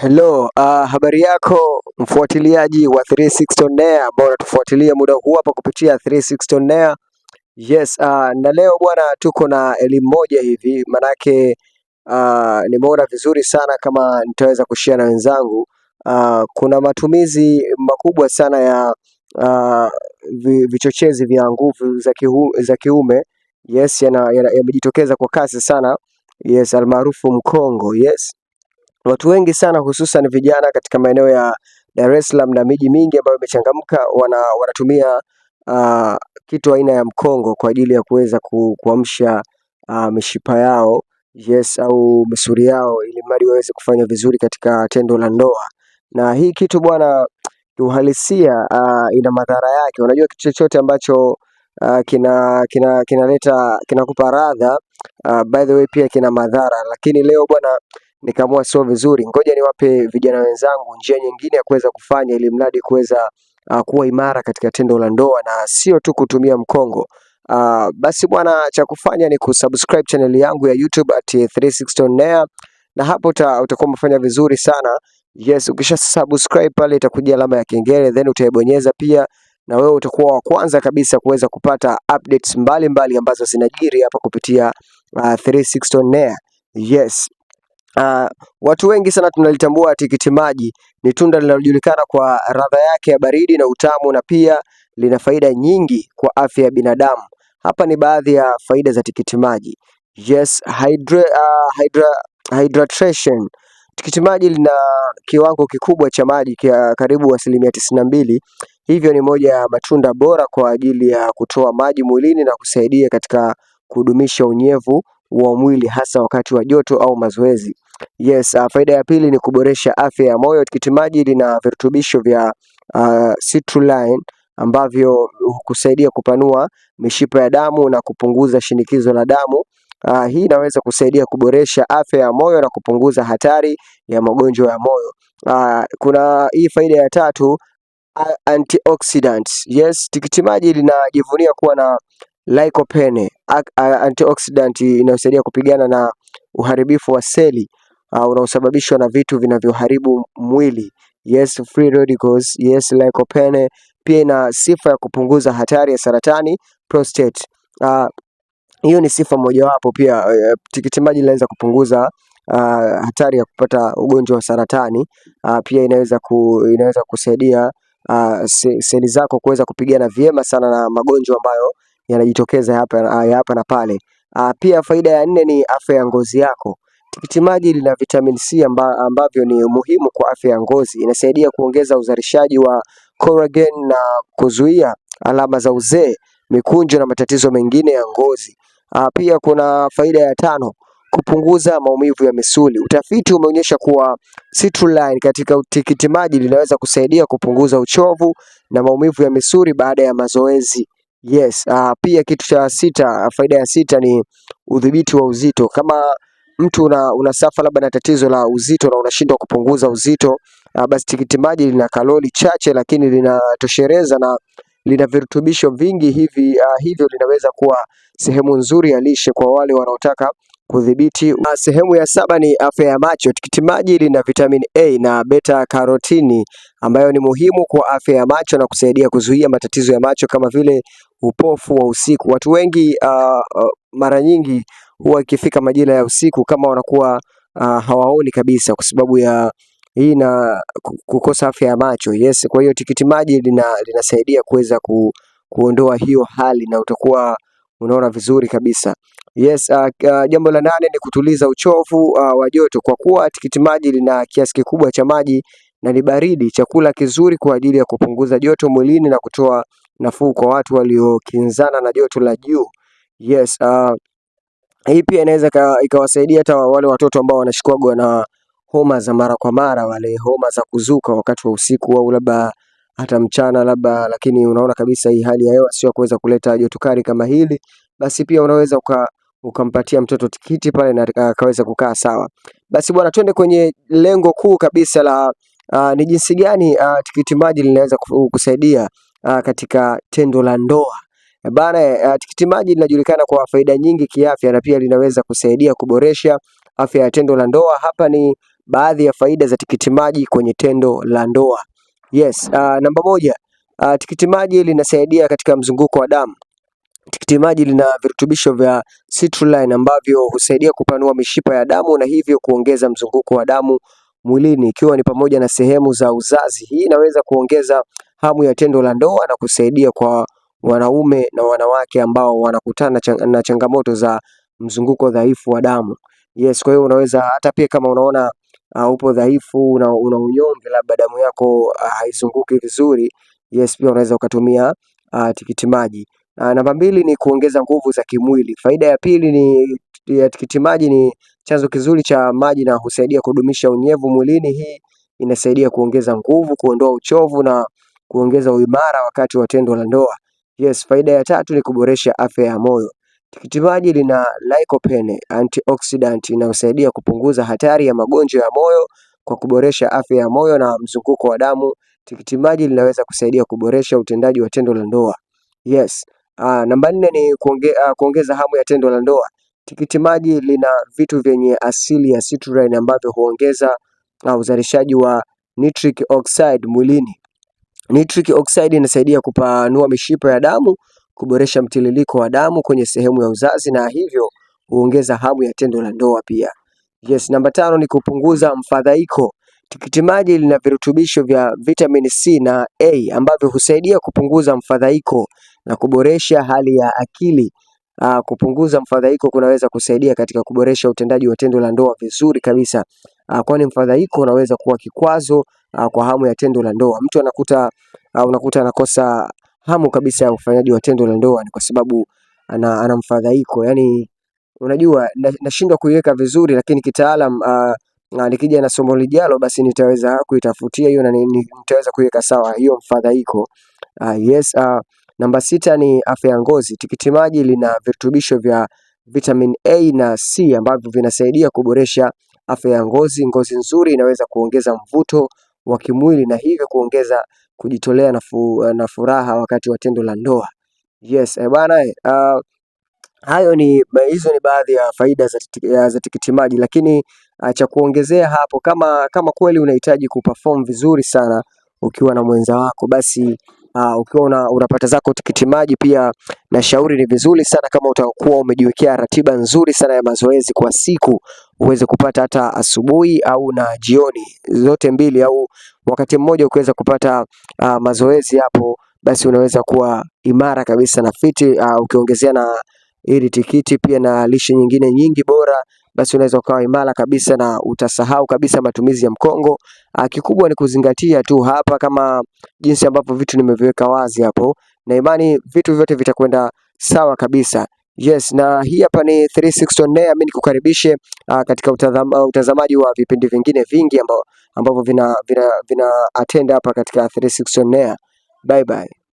Hello, uh, habari yako mfuatiliaji wa 360 on air ambao unatufuatilia muda huu hapa kupitia 360 on air. Yes, uh, na leo bwana tuko na elimu moja hivi manake uh, nimeona vizuri sana kama nitaweza kushia na wenzangu uh, kuna matumizi makubwa sana ya uh, vichochezi vya nguvu za, kihu, za kiume yes, yamejitokeza kwa kasi sana yes, almaarufu mkongo yes Watu wengi sana hususan vijana katika maeneo ya Dar es Salaam na miji mingi ambayo imechangamka wana, wanatumia uh, kitu aina ya mkongo kwa ajili ya kuweza kuamsha uh, mishipa yao yes, au misuli yao ili mradi waweze kufanya vizuri katika tendo la ndoa. Na hii kitu bwana, kiuhalisia uh, ina madhara yake. Unajua kitu chochote ambacho uh, kina kinaleta kinakupa radha uh, by the way pia kina madhara, lakini leo bwana nikaamua sio vizuri, ngoja niwape vijana wenzangu njia nyingine ya kuweza kufanya ili mradi kuweza uh, kuwa imara katika tendo la ndoa na sio tu kutumia mkongo. Uh, basi bwana, cha kufanya ni kusubscribe channel yangu ya YouTube at 360 on air, na hapo utakuwa umefanya vizuri sana. Yes, ukisha subscribe pale itakujia alama ya kengele then utaibonyeza pia, na wewe utakuwa wa kwanza kabisa kuweza kupata updates mbalimbali mbali ambazo zinajiri hapa kupitia uh, ah, 360 on air. Yes. Uh, watu wengi sana tunalitambua tikiti maji ni tunda linalojulikana kwa radha yake ya baridi na utamu na pia lina faida nyingi kwa afya ya binadamu. Hapa ni baadhi ya faida za tikiti maji. Yes, hydra, uh, hydra, hydration. Tikiti maji lina kiwango kikubwa cha maji kia karibu asilimia tisini na mbili, hivyo ni moja ya matunda bora kwa ajili ya kutoa maji mwilini na kusaidia katika kudumisha unyevu wa mwili hasa wakati wa joto au mazoezi. Yes, uh, faida ya pili ni kuboresha afya ya moyo. Tikiti maji lina virutubisho vya uh, citrulline ambavyo kusaidia kupanua mishipa ya damu na kupunguza shinikizo la damu. Uh, hii inaweza kusaidia kuboresha afya ya moyo na kupunguza hatari ya magonjwa ya moyo. Uh, kuna hii faida ya tatu antioxidants. Yes, tikiti maji linajivunia kuwa na lycopene, antioxidant inayosaidia kupigana na uharibifu wa seli uh, unaosababishwa na vitu vinavyoharibu mwili. Yes, free radicals. Yes, lycopene pia ina sifa ya kupunguza hatari ya saratani prostate. Uh, hiyo ni sifa mojawapo pia. Uh, tikiti maji linaweza kupunguza uh, hatari ya kupata ugonjwa wa saratani. Uh, pia inaweza ku, inaweza kusaidia uh, seli zako kuweza kupigana vyema sana na magonjwa ambayo yanajitokeza hapa, eh, hapa na pale. Ah, pia faida ya nne ni afya ya ngozi yako. Tikiti maji lina vitamin C amba, ambavyo ni muhimu kwa afya ya ngozi. Inasaidia kuongeza uzalishaji wa collagen na kuzuia alama za uzee, mikunjo na matatizo mengine ya ngozi. Ah, pia kuna faida ya tano kupunguza maumivu ya misuli. Utafiti umeonyesha kuwa citrulline katika tikiti maji linaweza kusaidia kupunguza uchovu na maumivu ya misuli baada ya mazoezi. Yes, uh, pia kitu cha sita, faida ya sita ni udhibiti wa uzito. Kama mtu una, safa labda na tatizo la uzito na unashindwa kupunguza uzito uh, basi tikiti maji lina kalori chache, lakini linatoshereza na lina virutubisho vingi hivi uh, hivyo linaweza kuwa sehemu nzuri ya lishe kwa wale wanaotaka kudhibiti. Sehemu ya saba ni afya ya macho. Tikiti maji lina vitamin A na beta karotini ambayo ni muhimu kwa afya ya macho na kusaidia kuzuia matatizo ya macho kama vile upofu wa usiku. Watu wengi uh, mara nyingi huwa ikifika majira ya usiku kama wanakuwa uh, hawaoni kabisa kwa sababu ya hii na kukosa afya ya macho. Yes, kwa hiyo tikiti maji lina linasaidia kuweza ku, kuondoa hiyo hali na utakuwa Unaona vizuri kabisa. Yes, uh, uh, jambo la nane ni kutuliza uchovu uh, wa joto. Kwa kuwa tikiti maji lina kiasi kikubwa cha maji na ni baridi, chakula kizuri kwa ajili ya kupunguza joto mwilini na kutoa nafuu kwa watu waliokinzana na joto la juu. Yes, uh, hii pia inaweza ikawasaidia hata wale watoto ambao wanashikwaga na homa za mara kwa mara, wale homa za kuzuka wakati wa usiku au labda hata mchana labda, lakini unaona kabisa hii hali ya hewa sio kuweza kuleta joto kali kama hili, basi pia unaweza uka, ukampatia mtoto tikiti pale na akaweza kukaa sawa. Basi bwana, twende kwenye lengo kuu kabisa la uh, ni jinsi gani uh, tikiti maji linaweza kusaidia uh, katika tendo la ndoa. E bana, uh, tikiti maji linajulikana kwa faida nyingi kiafya na pia linaweza kusaidia kuboresha afya ya tendo la ndoa. Hapa ni baadhi ya faida za tikiti maji kwenye tendo la ndoa. Yes, uh, namba moja uh, tikiti maji linasaidia katika mzunguko wa damu. Tikiti maji lina virutubisho vya citrulline ambavyo husaidia kupanua mishipa ya damu na hivyo kuongeza mzunguko wa damu mwilini, ikiwa ni pamoja na sehemu za uzazi. Hii inaweza kuongeza hamu ya tendo la ndoa na kusaidia kwa wanaume na wanawake ambao wanakutana chang na changamoto za mzunguko dhaifu wa damu. Yes, kwa hiyo unaweza hata pia kama unaona uh, upo dhaifu, una, una unyonge, labda damu yako ah, haizunguki uh, vizuri, yes, pia unaweza ukatumia uh, tikiti maji. Uh, namba mbili ni kuongeza nguvu za kimwili. Faida ya pili ni ya tikiti maji ni chanzo kizuri cha maji na husaidia kudumisha unyevu mwilini. Hii inasaidia kuongeza nguvu, kuondoa uchovu na kuongeza uimara wakati wa tendo la ndoa. Yes, faida ya tatu ni kuboresha afya ya moyo. Tikiti maji lina lycopene antioxidant inayosaidia kupunguza hatari ya magonjwa ya moyo kwa kuboresha afya ya moyo na mzunguko wa damu. Tikiti maji linaweza kusaidia kuboresha utendaji wa tendo la ndoa. Yes. Ah, namba nne ni ah, kuongeza hamu ya tendo la ndoa. Tikiti maji lina vitu vyenye asili ya citrulline ambavyo huongeza ah, uzalishaji wa nitric oxide mwilini. Nitric oxide inasaidia kupanua mishipa ya damu kuboresha mtiririko wa damu kwenye sehemu ya uzazi na hivyo huongeza hamu ya tendo la ndoa pia. Yes, namba tano ni kupunguza mfadhaiko. Tikiti maji lina virutubisho vya vitamin C na A ambavyo husaidia kupunguza mfadhaiko na kuboresha hali ya akili. Aa, ah, kupunguza mfadhaiko kunaweza kusaidia katika kuboresha utendaji wa tendo la ndoa vizuri kabisa, ah, kwani mfadhaiko unaweza kuwa kikwazo aa, ah, kwa hamu ya tendo la ndoa. Mtu anakuta aa, unakuta anakosa hamu kabisa ya ufanyaji wa tendo la ndoa, ni kwa sababu ana, ana mfadhaiko yani, unajua nashindwa na kuiweka vizuri, lakini kitaalam nikija na somo lijalo, basi nitaweza kuitafutia hiyo na nitaweza kuiweka sawa hiyo mfadhaiko. Yes, namba sita ni afya ya ngozi. Tikiti maji lina virutubisho vya vitamin A na C ambavyo vinasaidia kuboresha afya ya ngozi. Ngozi nzuri inaweza kuongeza mvuto wa kimwili na hivyo kuongeza kujitolea na, fu, eh, na furaha wakati wa tendo la ndoa. Yes, eh bwana uh, hayo ni hizo ni baadhi ya faida za, za tikiti maji, lakini uh, cha kuongezea hapo kama, kama kweli unahitaji kuperform vizuri sana ukiwa na mwenza wako basi Uh, ukiwa una, unapata zako tikiti maji pia, na shauri ni vizuri sana kama utakuwa umejiwekea ratiba nzuri sana ya mazoezi kwa siku, uweze kupata hata asubuhi au na jioni zote mbili, au wakati mmoja ukiweza kupata uh, mazoezi hapo, basi unaweza kuwa imara kabisa na fiti uh, ukiongezea na ili tikiti pia na lishe nyingine nyingi bora, basi unaweza ukawa imara kabisa na utasahau kabisa matumizi ya mkongo. Kikubwa ni kuzingatia tu hapa, kama jinsi ambavyo vitu nimeviweka wazi hapo, na imani vitu vyote vitakwenda sawa kabisa. Yes, na hii hapa ni 360 on air. Mimi nikukaribishe uh, katika utazama, ah, utazamaji wa vipindi vingine vingi ambavyo vina, vina, vina attend hapa katika 360 on air. Bye bye.